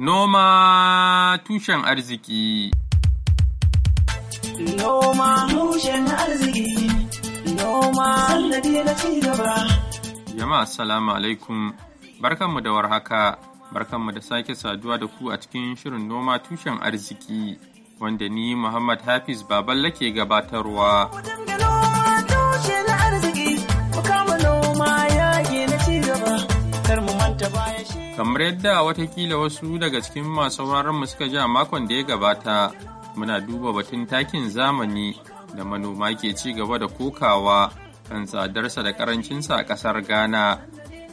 Noma tushen arziki Noma tushen arziki Noma sallade na ci gaba Jama'a salamu alaikum barkanmu da warhaka barkanmu da sake saduwa da ku a cikin shirin noma tushen arziki wanda ni Muhammad Hafiz Baballe ke gabatarwa. Kar mu manta baya shi. kamar yadda watakila wasu daga cikin masu mu suka ja makon da ya gabata muna duba batun takin zamani da manoma ke ci gaba da kokawa kan tsadarsa da karancinsa a ƙasar ghana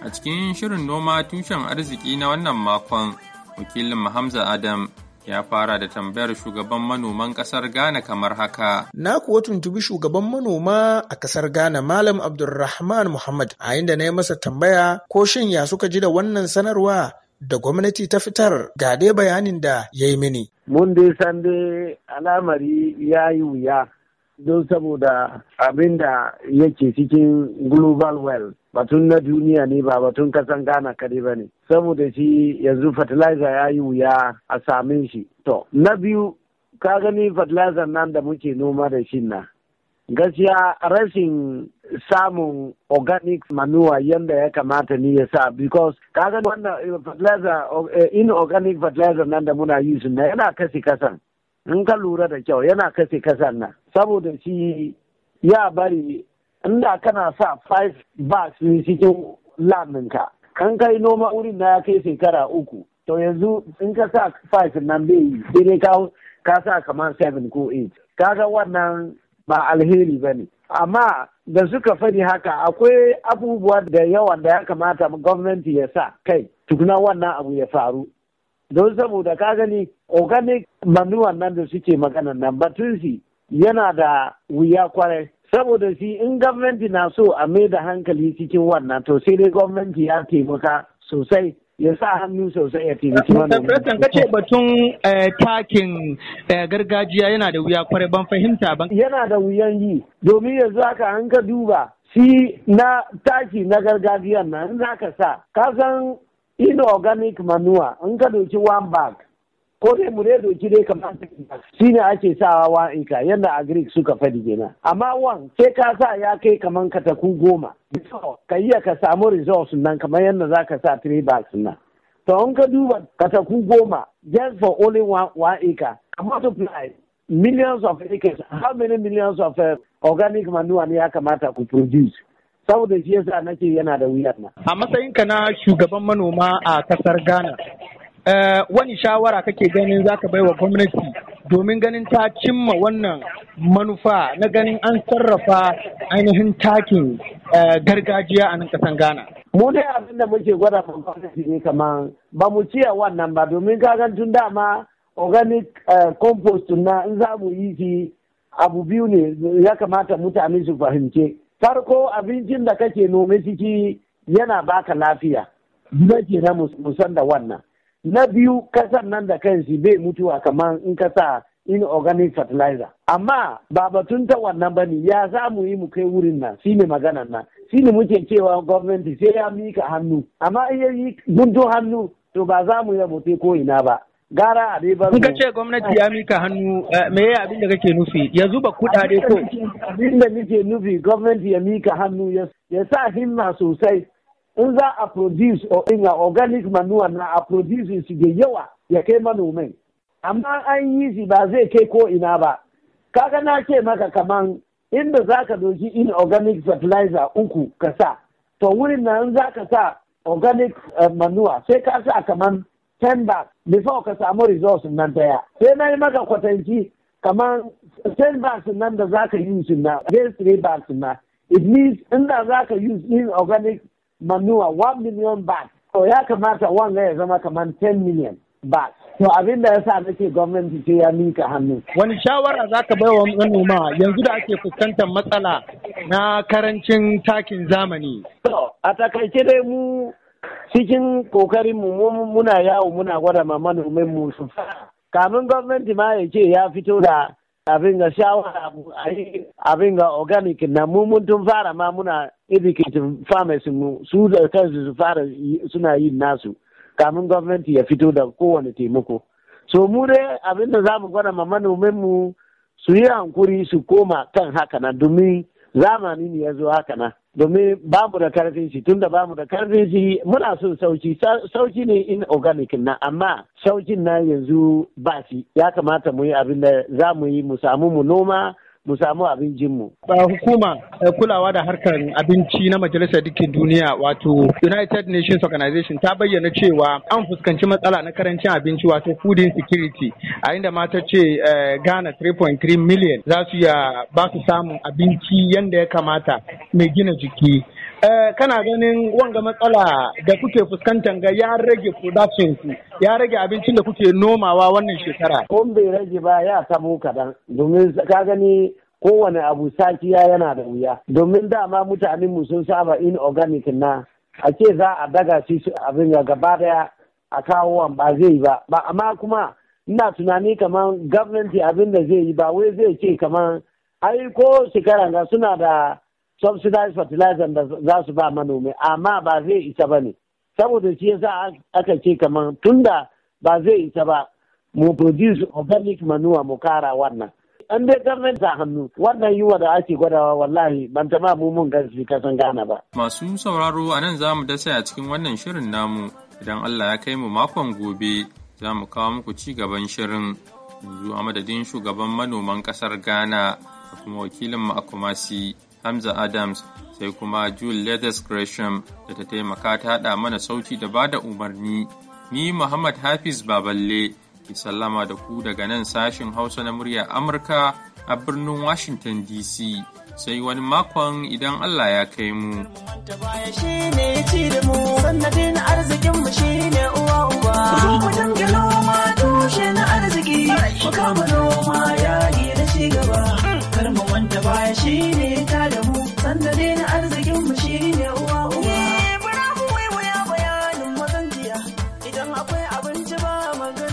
a cikin shirin noma tushen arziki na wannan makon wakilin hamza adam ya fara da tambayar shugaban manoman kasar Ghana kamar haka. Na kuwa tuntubi shugaban manoma a kasar Ghana Malam Abdulrahman Muhammad a inda na yi masa tambaya ko shin ya suka ji da wannan sanarwa da gwamnati ta fitar ga dai bayanin da ya yi mini. Mun dai san dai alamari ya yi wuya don saboda abin da yake cikin global wealth batun na duniya ne ba batun kasan ghana kadai ba ne saboda shi yanzu fertilizer ya yi wuya a samin shi to na biyu ka gani fertilizer nan da muke noma da shi na gaskiya rashin samun organic manure yadda ya kamata ne ya sa because ka gani wannan eh, fertilizer eh, inorganic fertilizer nan da muna yi na yana kasi kasan in ka lura da kyau yana kasi kasan nan saboda shi ya bari inda kana sa 5 bas ne cikin landinka kan kai noma wurin na ya kai shekara uku to yanzu in ka sa 5 nan bai yi sai dai ka sa kamar 7 ko 8 kaga wannan ba alheri ba ne amma da suka fadi haka akwai abubuwa da yawan da ya kamata gwamnati ya sa kai tukuna wannan abu ya faru don saboda ka gani organic manure nan da suke magana nan batun shi yana da wuya kwarai saboda shi in gwamnati na so a mai da hankali cikin wannan to sai dai gwamnati ya taimaka sosai ya sa hannu sosai ya taimaki manomi. Profesan kace batun eh, takin eh, gargajiya yana da wuya kwarai ban fahimta ban. Yana da wuyan yi domin yanzu haka an ka duba shi na taki na gargajiyan nan in za ka sa ka san inorganic manure in ka doki one bag ko dai mu ne doki dai kamar shi ne ake sawa wa ika yadda a greek suka faɗi kenan amma wan sai ka sa ya kai kamar kataku goma ka iya ka samu results nan kamar yadda za ka sa three bags nan to in ka duba kataku goma just for only one, one acre multiply millions of acres how many millions of uh, organic manure ne ya kamata ku produce saboda shi yasa nake yana da wuyar na. a matsayinka na shugaban manoma a kasar ghana Eh, wani shawara kake ganin zaka ka baiwa gwamnati domin ganin ta cimma wannan manufa na ganin an sarrafa ainihin takin eh, gargajiya a nan kasan Ghana? Mu dai abin da muke gwada ma gwamnati ne kamar ba mu ciya wannan ba domin kagan tun dama organic eh, compost na in za mu yi shi abu biyu ne ya kamata mutane su fahimce. Farko abincin da kake nome ciki yana baka lafiya. Gida na musan da wannan. na biyu kasan nan da kansu bai mutuwa kamar in ka sa organic fertilizer amma ba batun ta wannan ba ne ya za mu yi mu kai wurin nan ne maganan nan ne muke cewa gwamnati sai ya mika hannu amma in ya yi guntun hannu to ba za mu yi mutu ko ina ba gara a dai ba ka ce gwamnati ya mika hannu eh, me ya abin da kake nufi ya zuba kudade ko abin da nake nufi gwamnati ya mika hannu ya sa himma sosai in za a produce in a organic manure na a produce su da yawa ya kai manomin amma an yi shi ba zai kai ko ina ba kaga na ce maka kaman inda za ka doki in organic fertilizer uku ka sa to wurin na in za ka sa organic eh, manure sai ka sa kaman ten bag before ka samu results nan daya sai na yi maka kwatanci kaman ten bags nan da za ka use na against three bags na it means inda za ka use in organic manuwa 1 million bags to ya kamata wanga ya zama kamar 10 million bags to abin da ya yasa nake gwamnati ce ya mika hannu wani shawara za ka bai wa manoma yanzu da ake fuskantar matsala na karancin takin zamani to a takaice dai mu cikin kokarin mu muna yawo muna gwada ma manomin mu su kamin gwamnati ma ya ce ya fito da abin ga shawara abin ga organic na mu mun tun fara ma muna irrigating farmers mu su da kansu su fara suna yin nasu kamin gwamnati ya fito da kowane taimako so mu dai abin da za mu gwada ma manomin mu su yi hankuri su koma kan haka na domin zamani ne ya zo haka na domin ba mu da karfin shi tunda ba mu da karfin shi muna son sauki sauki ne in organic na amma saukin na yanzu ba shi ya kamata mu yi abin da za mu yi mu samu mu noma mu samu mu. Ba hukuma eh, kulawa da harkar abinci na Majalisar Dukkin Duniya wato United Nations Organization ta bayyana cewa an fuskanci matsala na karancin abinci wato food insecurity a inda mata ce eh, Ghana 3.3 million za su ya ba su samun abinci yadda ya kamata mai gina jiki Eh, kana ganin wanga matsala da kuke fuskantar ga ya rage production ku ya rage abincin da kuke nomawa wannan shekara ko bai rage ba ya samu kadan domin ka gani kowane abu safiya yana da wuya domin dama mutanen mu sun saba in organic na a ce za a daga shi abin gaba daya a kawo ba zai yi ba ba amma kuma ina tunani kamar gwamnati abin da zai yi ba wai zai ce kamar ai ko shekara ga suna da subsidized fertilizer da za su ba manomi amma ba zai isa ba ne saboda shi yasa aka ce kamar tunda ba zai isa ba mu produce organic manure mu kara wannan an dai gwamnati ta hannu wannan yiwa da ake gwadawa wallahi ban ma mu mun gaski kasan gana ba masu sauraro a nan za mu dasa a cikin wannan shirin namu idan Allah ya kai mu makon gobe za mu kawo muku ci gaban shirin yanzu a madadin shugaban manoman kasar Ghana da kuma wakilin mu a Kumasi Hamza Adams sai kuma Jule Leathers Gresham da ta taimaka ta haɗa mana sauti da bada umarni. Ni Muhammad Hafiz Baballe ke sallama da ku daga nan sashin Hausa na muryar Amurka a birnin Washington DC. Sai wani makon idan Allah ya kai mu. Ka Mu ma na arziki, noma yayi ci gaba. mu wanda baya shi ne ta da mu sanda ne